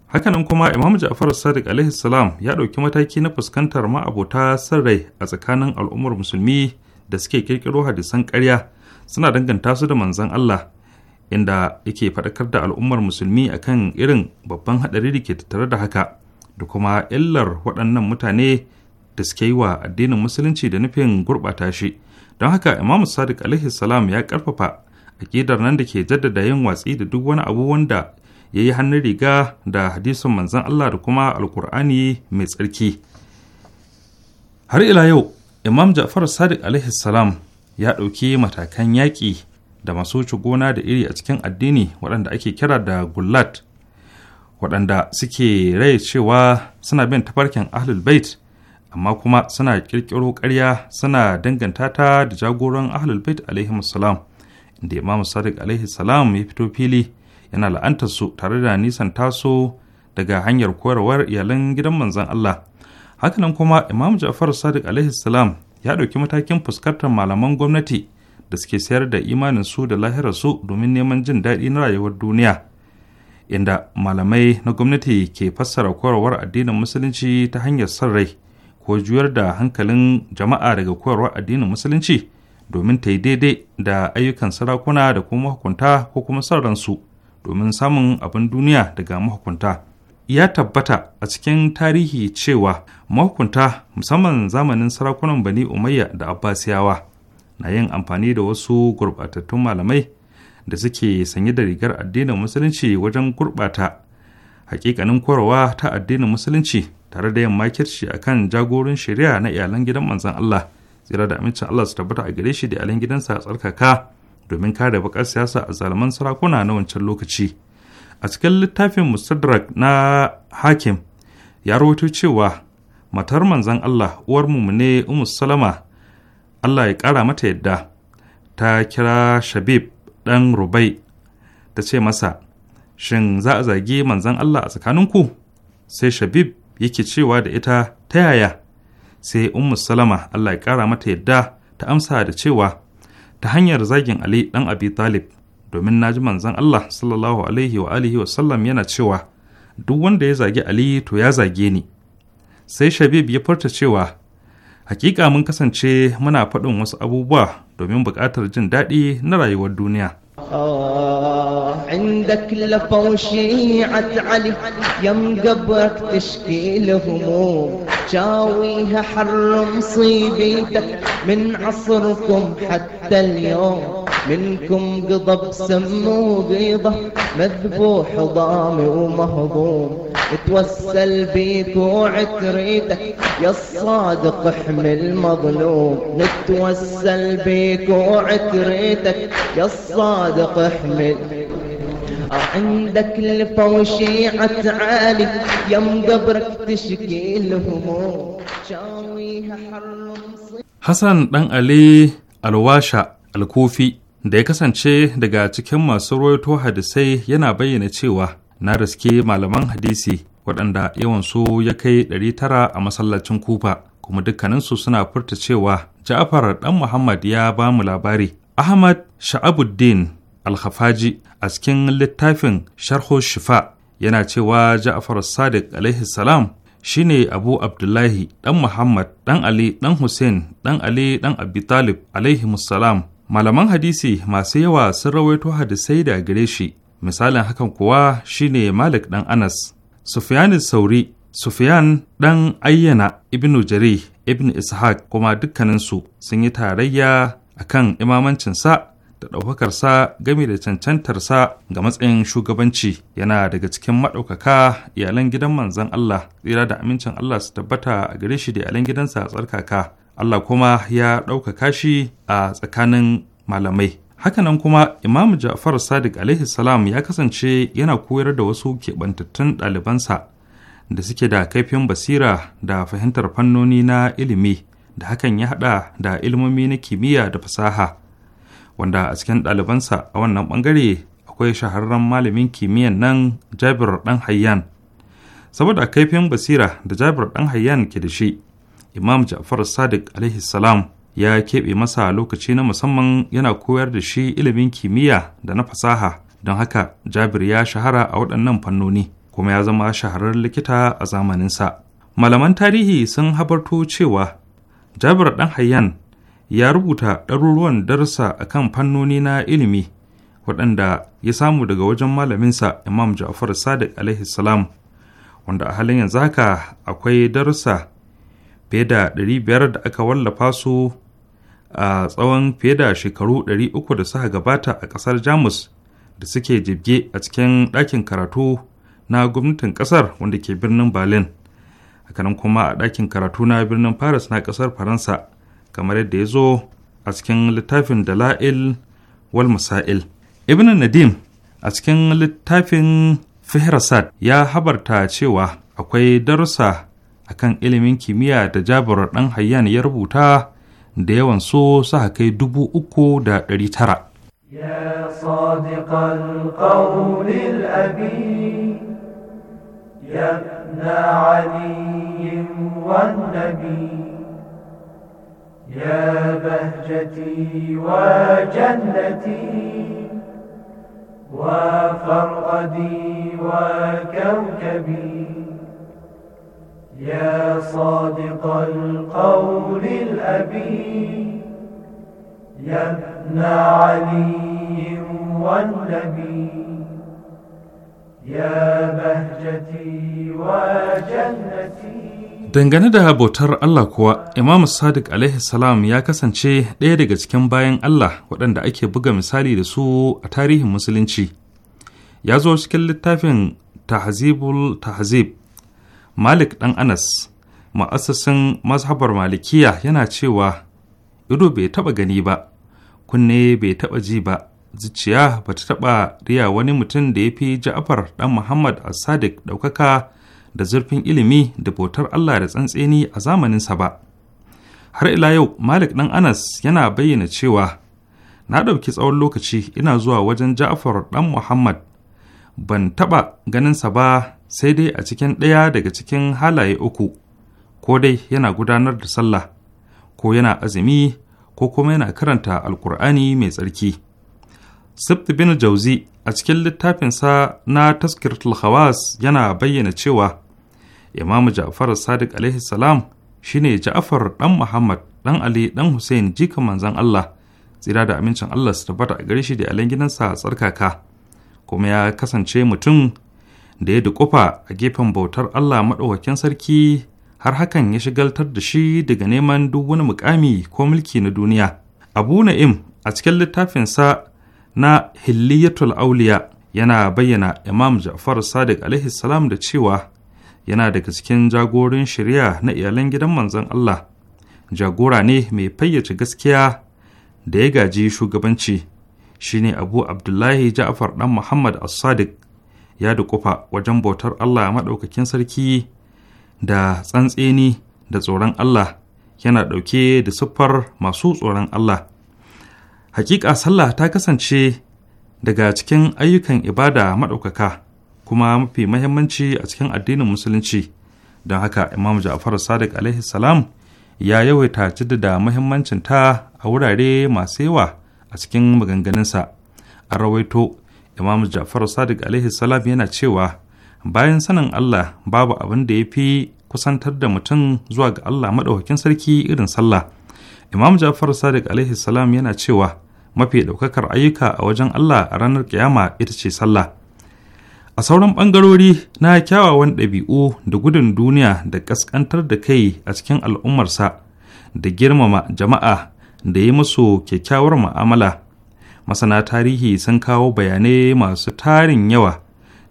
hakanan kuma imam ja'far sadiq alaihi salam ya ɗauki mataki na fuskantar ma'abota sarrai a tsakanin al'ummar musulmi da suke kirkiro hadisan ƙarya suna danganta su da manzon Allah inda yake faɗakar da al'ummar musulmi akan irin babban haɗari da ke tattare da haka da kuma illar waɗannan mutane da suke yi wa addinin musulunci da nufin gurɓata shi don haka imam sadiq alaihi salam ya ƙarfafa ƙidar nan da ke jaddada yin watsi da duk wani abu wanda ya yi hannun riga da hadisin manzon Allah da kuma alkur'ani mai tsarki har ila yau imam ja'far sadiq alaihi salam ya ɗauki matakan yaƙi da masu wuce gona da iri a cikin addini waɗanda ake kira da gullat waɗanda suke rai cewa suna bin tafarkin ahlul bait amma kuma suna ƙirƙiro ƙarya suna danganta ta da jagoran ahlul bait alaihi inda imam sadiq alaihi salam ya fito fili yana la'antar su tare da nisan taso daga hanyar koyarwar iyalan gidan manzon Allah hakanan kuma imam ja'far sadiq alaihi salam ya ɗauki matakin fuskantar malaman gwamnati da suke sayar da imanin su da lahirarsu domin neman jin daɗi na rayuwar duniya inda malamai na gwamnati ke fassara koyarwar addinin musulunci ta hanyar son rai ko juyar da hankalin jama'a daga koyarwar addinin musulunci domin ta yi daidai da ayyukan sarakuna da kuma hukunta ko kuma son ransu domin samun abin duniya daga mahukunta. ya tabbata a cikin tarihi cewa mahukunta musamman zamanin sarakunan bani umayya da abbasiyawa na yin amfani da wasu gurbatattun malamai da suke sanye da rigar addinin musulunci wajen gurbata hakikanin korowa ta addinin musulunci tare da yin makirci kan jagorin shari'a na iyalan gidan manzon Allah tsira da amincin Allah su tabbata a gare shi da iyalan gidansa a tsarkaka domin kare bakar siyasa a zalaman sarakuna na wancan lokaci a cikin littafin mustadrak na hakim ya rawaito cewa matar manzan allah uwar ne Ummu salama allah ya kara mata yadda ta kira shabib dan rubai ta ce masa shin za a zagi manzan allah a tsakaninku sai shabib yake cewa da ita ta yaya sai ummu salama allah ya kara mata yadda ta amsa da cewa ta hanyar zagin ali dan abi talib domin na ji manzon Allah sallallahu alaihi wa alihi wa sallam yana cewa duk wanda ya zagi Ali to ya zage ni sai Shabib ya furta cewa hakika mun kasance muna faɗin wasu abubuwa domin buƙatar jin daɗi na rayuwar duniya عندك لفوا علي يم تشكي الهموم شاويها حر مصيبتك من عصركم حتى اليوم منكم قضب سمو قيضة مذبوح ضامي ومهضوم اتوسل بيك وعتريتك يا الصادق احمل مظلوم نتوسل بيك وعتريتك يا الصادق احمل عندك لفة وشيعة عالي يم قبرك تشكي الهموم شاويها حر حسن بن علي الواشا الكوفي da ya kasance daga cikin masu rawaito hadisai yana bayyana cewa na riske malaman hadisi waɗanda yawansu ya kai 900 a masallacin kufa kuma dukkaninsu suna furta cewa ja'afar ɗan muhammad ya ba mu labari ahmad sha'abuddin alhafaji a cikin littafin sharho shifa yana cewa ja'afar sadiq alaihi salam shine abu abdullahi Dan muhammad Dan ali Dan hussein Dan ali Dan abi talib alaihi salam malaman hadisi masu yawa sun rawaito hadisai da gare shi misalin hakan kuwa shine malik ɗan anas sufyan sauri Sufiyan ɗan ayyana ibnu jari ibnu ishaq kuma dukkaninsu sun yi tarayya a kan imamancinsa da ɗaukakarsa game da cancantarsa ga matsayin shugabanci yana daga cikin maɗaukaka iyalan gidan manzan Allah tsira da amincin Allah su tabbata a gare shi da iyalan gidansa a tsarkaka Allah kuma ya ɗaukaka shi a tsakanin malamai. Hakanan kuma Imam Ja'far Sadiq alaihi salam ya kasance yana koyar da wasu keɓantattun ɗalibansa da suke da kaifin basira da fahimtar fannoni na ilimi da hakan ya haɗa da ilmomi na kimiyya da fasaha wanda a cikin ɗalibansa a wannan ɓangare akwai shahararren malamin kimiyyan nan Jabir ɗan Hayyan. Saboda kaifin basira da Jabir ɗan Hayyan ke da shi, imam ja'far sadiq alaihi salam ya keɓe masa lokaci na musamman yana koyar da shi ilimin kimiyya da na fasaha don haka jabir ya shahara a waɗannan fannoni kuma ya zama shahararren likita a zamaninsa malaman tarihi sun habarto cewa jabir ɗan hayyan ya rubuta ɗaruruwan darsa kan fannoni na ilimi waɗanda ya samu daga wajen malaminsa imam ja'far sadiq alaihi salam wanda a halin yanzu haka akwai darussa fiye da 500 da aka wallafa su a tsawon fiye da shekaru 300 da suka gabata a ƙasar jamus da suke jibge a cikin ɗakin karatu na gwamnatin ƙasar wanda ke birnin berlin hakanan kuma a ɗakin karatu na birnin paris na ƙasar faransa kamar yadda ya zo a cikin littafin dala'il wal masail ibn nadim a cikin littafin fihrasat ya habarta cewa akwai darussa a kan ilimin kimiyya da jabar ɗan hayyan ya rubuta da yawan so su kai dubu uku da ɗari tara. يا بهجتي وجنتي وكوكبي يا صادق القول الأبي يا ابن علي والنبي يا بهجتي وجنتي Dangane da bautar Allah kuwa, Imam Sadiq alaihi salam ya kasance ɗaya daga cikin bayan Allah waɗanda ake buga misali da su a tarihin Musulunci. Ya zo cikin littafin Tahzibul Tahzib malik ɗan anas ma'asasin mazhabar malikiya yana cewa ido bai taɓa gani ba kunne bai taɓa ji ba zuciya ba ta taɓa riya wani mutum da ya fi ja'afar ɗan muhammad a sadiq ɗaukaka da zurfin ilimi da bautar allah da tsantseni a zamaninsa ba har ila yau malik ɗan anas yana bayyana cewa na ɗauki tsawon lokaci ina zuwa wajen ja'afar ɗan muhammad ban taɓa ganinsa ba sai dai a cikin ɗaya daga cikin halaye uku ko dai yana gudanar da sallah ko yana azumi ko kuma yana karanta alkur'ani mai tsarki sibt bin jauzi a cikin littafinsa na taskiratul khawas yana bayyana cewa imamu ja'far sadiq alaihi salam shine ja'far ɗan muhammad ɗan ali ɗan hussein jika manzon allah tsira da amincin allah su tabbata a gare shi da alan gidansa tsarkaka kuma ya kasance mutum da ya dukufa a gefen bautar Allah maɗaukakin sarki har hakan ya shigaltar da shi daga neman duk wani mukami ko mulki na duniya. Abu Na'im a cikin littafinsa na Hilliyatul Auliya yana bayyana Imam Ja'far Sadiq alaihi da cewa yana daga cikin jagorin shari'a na iyalan gidan manzon Allah. Jagora ne mai fayyace gaskiya da ya gaji shugabanci shine Abu Abdullahi Ja'far ɗan Muhammad As-Sadiq ya dukufa wajen bautar Allah maɗaukakin sarki da tsantseni da tsoron Allah yana ɗauke da siffar masu tsoron Allah. Hakika sallah ta kasance daga cikin ayyukan ibada maɗaukaka kuma mafi mahimmanci a cikin addinin musulunci don haka imam ja'far sadiq alaihi salam ya yawaita jaddada mahimmancin ta a wurare masu yawa a cikin maganganunsa a rawaito imam jafar sadiq alaihi salam yana cewa bayan sanin allah babu abin da ya fi kusantar da mutum zuwa ga allah maɗaukakin sarki irin sallah imam jafar sadiq alaihi salam yana cewa mafi ɗaukakar ayyuka a wajen allah a ranar kiyama ita ce sallah a sauran ɓangarori na kyawawan ɗabi'u da gudun duniya da ƙasƙantar da kai a cikin al'ummarsa da girmama jama'a da yi musu kyakkyawar mu'amala masana tarihi sun kawo bayanai masu tarin yawa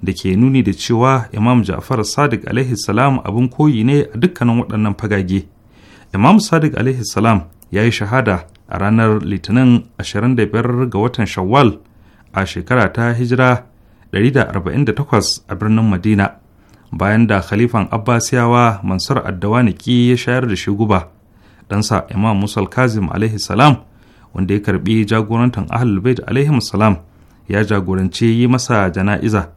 da ke nuni da cewa imam ja'far sadiq alaihi salam abin koyi ne a dukkanin waɗannan fagage imam sadiq alaihi salam ya yi shahada a ranar litinin 25 ga watan shawwal a shekara ta hijira 148 a birnin madina bayan da khalifan abbasiyawa mansur addawa ya shayar da shi guba ɗansa imam musal kazim alaihi salam wanda ya karbi jagorantar ahlul bait alaihi salam ya jagorance yi masa jana'iza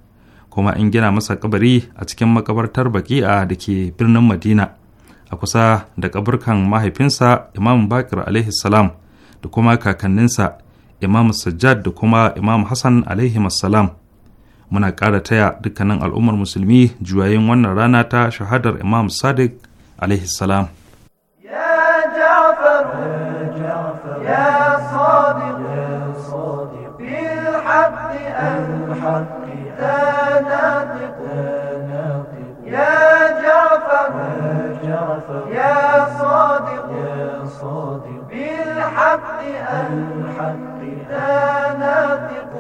kuma an gina masa kabari a cikin makabartar baki'a da ke birnin madina a kusa da kaburkan mahaifinsa imam bakir alaihi salam da kuma kakanninsa imam sajjad da kuma imam hassan alaihi salam muna ƙara taya dukkanin al'ummar musulmi juyayin wannan rana ta shahadar imam sadiq alaihi salam yeah, يا صادق يا صادق بالحق الحق تناطق يا جعفر يا جعفر يا صادق يا صادق بالحق الحق تناطق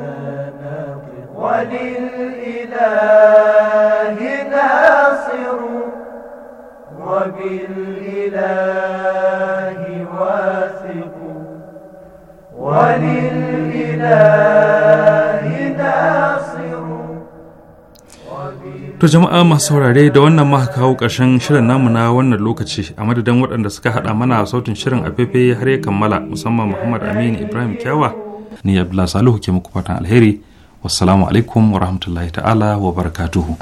وللإله ناصر وبالإله To jama'a masu saurare da wannan muka kawo ƙarshen shirin namu na wannan lokaci a madadin waɗanda suka haɗa mana sautin shirin a fefe har ya kammala musamman Muhammad Aminu Ibrahim Kyawa ni Abdullahi Salihu ke muku fatan alheri wassalamu alaikum wa rahmatullahi ta'ala wa barakatuhu.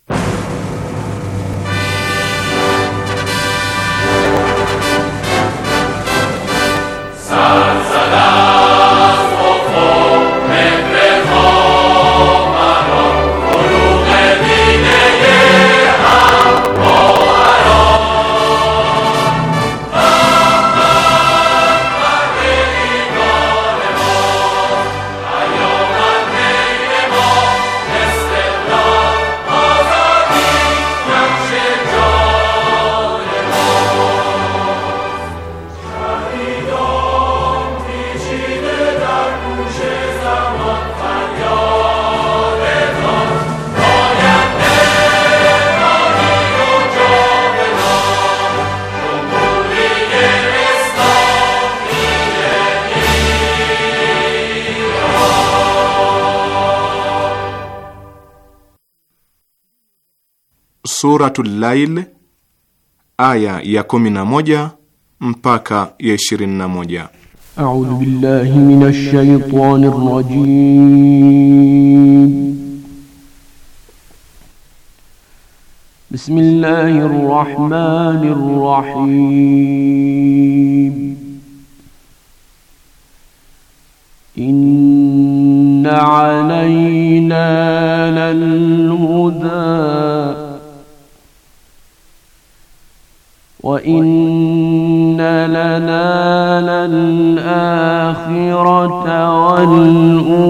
Suratul Lail aya ya 11 mpaka ya 21. A'udhu billahi minash shaitanir rajim. Bismillahir rahmanir rahim. Inna alayna lal-huda وإن لنا للآخرة والأولى